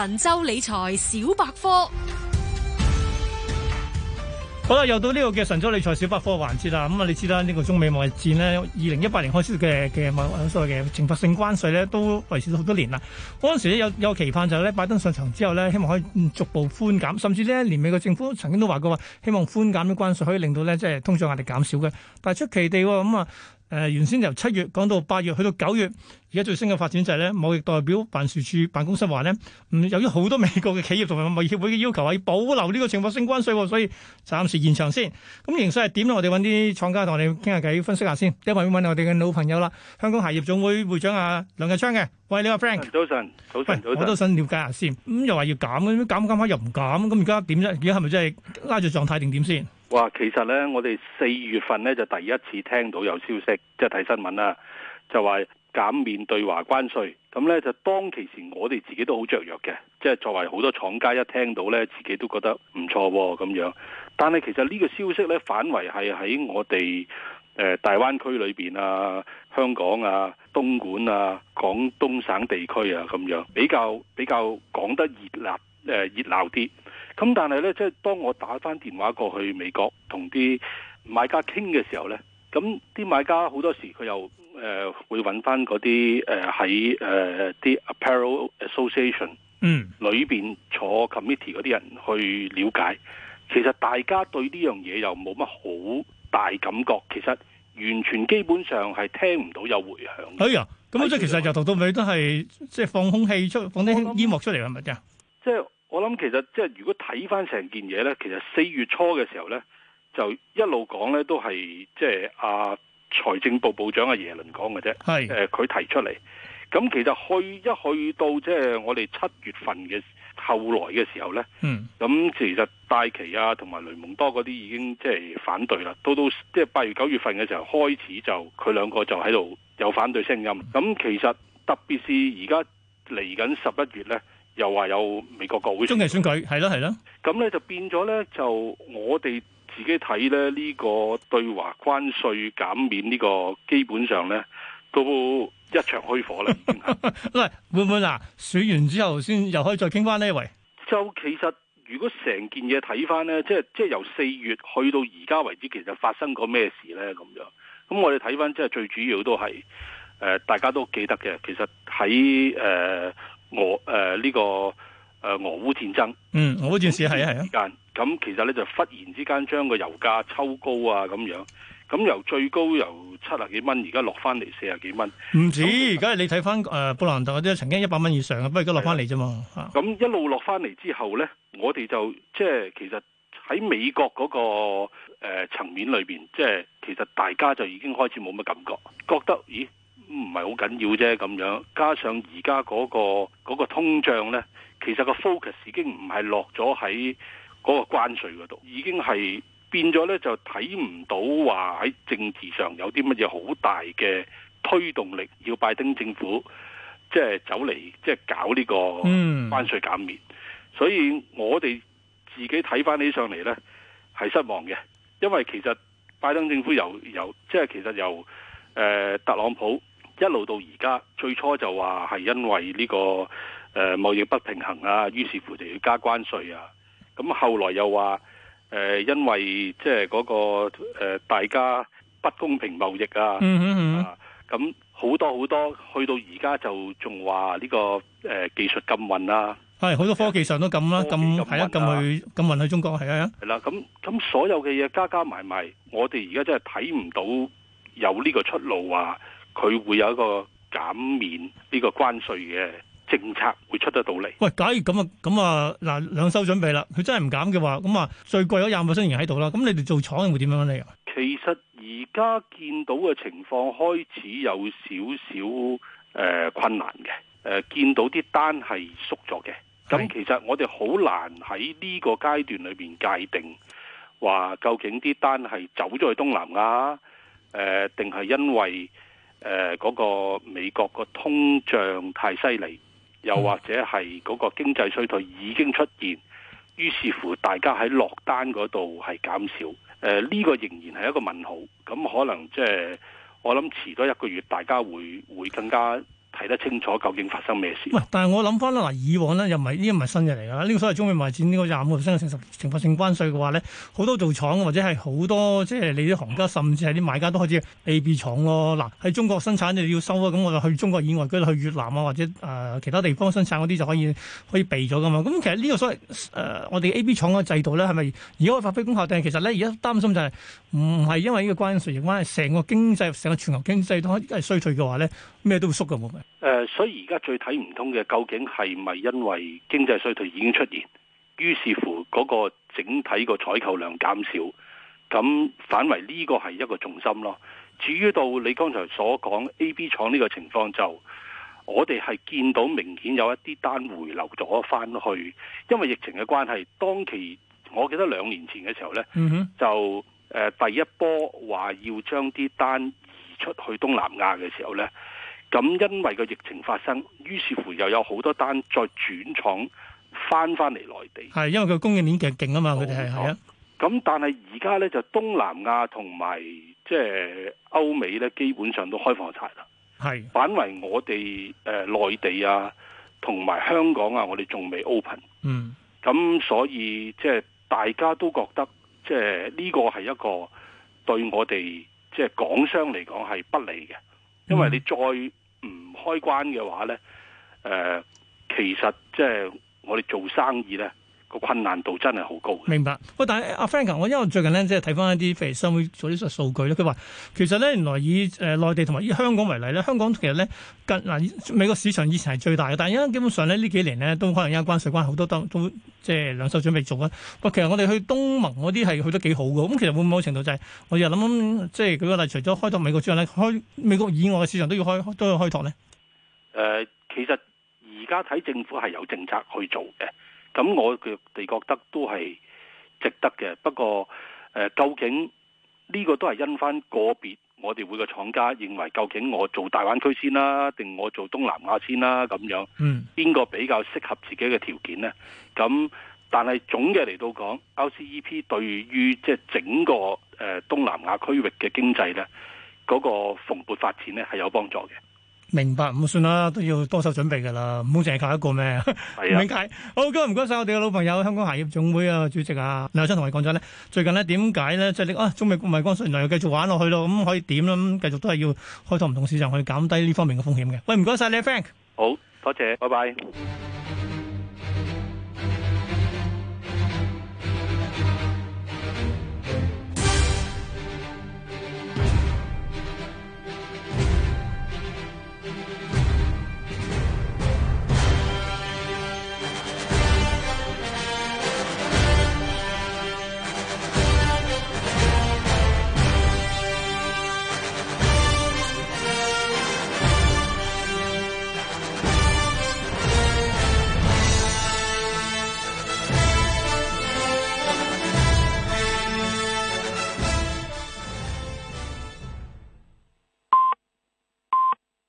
神州理財小百科，好啦，又到呢個嘅神州理財小百科嘅環節啦。咁、嗯、啊，你知啦，呢、呢個中美貿易戰呢，二零一八年開始嘅嘅所謂嘅懲罰性關稅呢，都維持咗好多年啦。嗰陣時有有期盼就係呢，拜登上場之後呢，希望可以逐步寬減，甚至呢，連美國政府曾經都話過話，希望寬減啲關稅，可以令到呢，即係通脹壓力減少嘅。但係出奇地咁、哦、啊。嗯誒、呃、原先由七月講到八月，去到九月，而家最新嘅發展就係咧，貿易代表辦事處辦公室話咧、嗯，由於好多美國嘅企業同埋貿協會嘅要求係保留呢個懲罰性關稅，所以暫時延長先。咁、嗯、形勢係點咧？我哋揾啲廠家同我哋傾下偈，分析下先。一陣要揾我哋嘅老朋友啦，香港鞋業總會會，會長阿、啊、梁日昌嘅。喂，你好 Frank，早晨，早晨，我都想瞭解下先。咁、嗯、又話要減，咁減減下又唔減，咁而家點咧？而家係咪真係拉住狀態定點先？哇，其實咧，我哋四月份咧就第一次聽到有消息，即係睇新聞啦、啊，就話減免對華關稅。咁咧就當其時，我哋自己都好雀躍嘅，即、就、係、是、作為好多廠家一聽到咧，自己都覺得唔錯喎、啊、咁樣。但係其實呢個消息咧，反為係喺我哋誒、呃、大灣區裏面啊、香港啊、東莞啊、廣東省地區啊咁樣比較比較講得熱辣。誒熱鬧啲咁，但係咧，即係當我打翻電話過去美國，同啲買家傾嘅時候咧，咁啲買家好多時佢又誒、呃、會揾翻嗰啲誒喺、呃、誒啲、呃、Apparel Association 嗯裏邊坐 committee 嗰啲人去了解，嗯、其實大家對呢樣嘢又冇乜好大感覺，其實完全基本上係聽唔到有回響。哎呀、啊，咁即係其實由頭到尾都係即係放空氣出，放啲煙幕出嚟係咪？即係我諗，其實即係如果睇翻成件嘢咧，其實四月初嘅時候咧，就一路講咧都係即係阿財政部部長阿、啊、耶倫講嘅啫。係誒是，佢、呃、提出嚟。咁其實去一去到即係我哋七月份嘅後來嘅時候咧，嗯，咁其實戴琪啊同埋雷蒙多嗰啲已經即係反對啦。到到即係八月九月份嘅時候開始就佢兩個就喺度有反對聲音。咁、嗯、其實特別是而家嚟緊十一月咧。又話有美國國會選中期選舉，係啦，係啦，咁咧，就變咗咧，就我哋自己睇咧呢、呢個對華關稅減免呢個基本上咧都一場虛火啦。唔係會唔會嗱，選完之後先又可以再傾翻呢位？就其實如果成件嘢睇翻咧，即係即係由四月去到而家為止，其實發生過咩事咧咁樣？咁我哋睇翻即係最主要都係、呃、大家都記得嘅，其實喺誒。呃俄誒呢、呃這個誒、呃、俄烏戰爭，嗯，俄烏戰事係係啊，咁其實咧就忽然之間將個油價抽高啊咁樣，咁由最高由七十幾蚊而家落翻嚟四十幾蚊，唔止，而家咁樣，你睇翻誒布蘭特嗰啲曾經一百蚊以上，呃、啊，不過而家落翻嚟啫嘛，咁一路落翻嚟之後咧，我哋就即係其實喺美國嗰、那個誒層、呃、面裏邊，即係其實大家就已經開始冇乜感覺，覺得咦？唔係好緊要啫，咁樣加上而家嗰個嗰、嗰個通脹咧，其實個 focus 已經唔係落咗喺嗰個關稅嗰度，已經係變咗咧，就睇唔到話喺政治上有啲乜嘢好大嘅推動力，要拜登政府即係走嚟即係搞呢個關稅減免。Mm. 所以我哋自己睇翻起上嚟咧，係失望嘅，因為其實拜登政府由由即係其實由誒、呃、特朗普。一路到而家，最初就話係因為呢個誒、呃、貿易不平衡啊，於是乎就要加關稅啊。咁後來又話誒、呃，因為即係嗰個、呃、大家不公平貿易啊，嗯嗯嗯啊，咁好多好多去到而家就仲話呢個誒、呃、技術禁運啊，係好多科技上都禁啦，禁係啊，禁去、啊、禁運去中國係啊，係啦、啊。咁咁所有嘅嘢加加埋埋，我哋而家真係睇唔到有呢個出路啊！佢會有一個減免呢個關稅嘅政策會出得到嚟。喂，假如咁啊咁啊嗱，兩手準備啦。佢真係唔減嘅話，咁啊最貴嗰廿萬箱仍然喺度啦。咁你哋做廠會點樣呢？其實而家見到嘅情況開始有少少誒困難嘅。誒、呃、見到啲單係縮咗嘅。咁其實我哋好難喺呢個階段裏面界定，話究竟啲單係走咗去東南亞，誒定係因為？誒嗰、呃那個美國個通脹太犀利，又或者係嗰個經濟衰退已經出現，於是乎大家喺落單嗰度係減少。誒、呃、呢、這個仍然係一個問號，咁可能即、就、係、是、我諗遲多一個月，大家會會更加。睇得清楚究竟發生咩事？喂但係我諗翻咧嗱，以往咧又唔係呢個唔係新嘅嚟㗎啦。呢、這個所謂中美貿易戰呢個廿五個 percent 懲罰性關稅嘅話咧，好多做廠或者係好多即係你啲行家，甚至係啲買家都開始 A、B 廠咯。嗱，喺中國生產你要收啊，咁我就去中國以外度去越南啊，或者誒、呃、其他地方生產嗰啲就可以可以避咗㗎嘛。咁其、呃、其實呢個所謂誒我哋 A、B 廠嘅制度咧，係咪而家可以發揮功效？但係其實咧而家擔心就係唔係因為呢個關稅，而係成個經濟、成個全球經濟都係衰退嘅話咧？咩都會縮咁，冇、呃、所以而家最睇唔通嘅，究竟係咪因為經濟衰退已經出現，於是乎嗰個整體個採購量減少，咁反為呢個係一個重心咯。至於到你剛才所講 A、B 廠呢個情況就，我哋係見到明顯有一啲單回流咗翻去，因為疫情嘅關係。當期我記得兩年前嘅時候呢，嗯、哼就、呃、第一波話要將啲單移出去東南亞嘅時候呢。咁因為個疫情發生，於是乎又有好多單再轉廠翻翻嚟內地。係因為佢供應鏈勁勁啊嘛，佢哋係啊。咁但係而家咧就東南亞同埋即係歐美咧，基本上都開放晒啦。係是反為我哋誒、呃、內地啊，同埋香港啊，我哋仲未 open。嗯。咁所以即係、就是、大家都覺得即係呢個係一個對我哋即係港商嚟講係不利嘅，因為你再、嗯唔開關嘅話咧，誒、呃，其實即係我哋做生意咧。個困難度真係好高。明白。喂，但係阿 Frank，我因為我最近咧即係睇翻一啲肥商會做啲數數據咧，佢話其實咧原來以誒內地同埋以香港為例咧，香港其實咧近嗱美國市場以前係最大嘅，但係因為基本上咧呢幾年咧都可能因為關稅關好多都都即係兩手準備做啊。喂，其實我哋去東盟嗰啲係去得幾好嘅，咁其實會唔會某程度就係、是、我又諗即係舉個例除咗開拓美國之外咧，開美國以外嘅市場都要開都要開拓咧？誒，其實而家睇政府係有政策去做嘅。咁我哋覺得都係值得嘅，不過誒、呃、究竟呢個都係因翻個別我哋每個廠家認為究竟我做大灣區先啦，定我做東南亞先啦咁樣？嗯，邊個比較適合自己嘅條件咧？咁但係總嘅嚟到講，RCEP 對於即係整個誒、呃、東南亞區域嘅經濟咧，嗰、那個蓬勃發展咧係有幫助嘅。明白，唔算啦，都要多手準備噶啦，唔好淨係靠一個咩？明解。好，今日唔該曬我哋嘅老朋友香港鞋業總會啊主席啊梁生，同你講咗咧，最近咧點解咧即係你啊中美貿易關稅原來又繼續玩落去咯，咁可以點咧？咁繼續都係要開拓唔同市場去減低呢方面嘅風險嘅。喂，唔該曬你，Frank。好多謝，拜拜。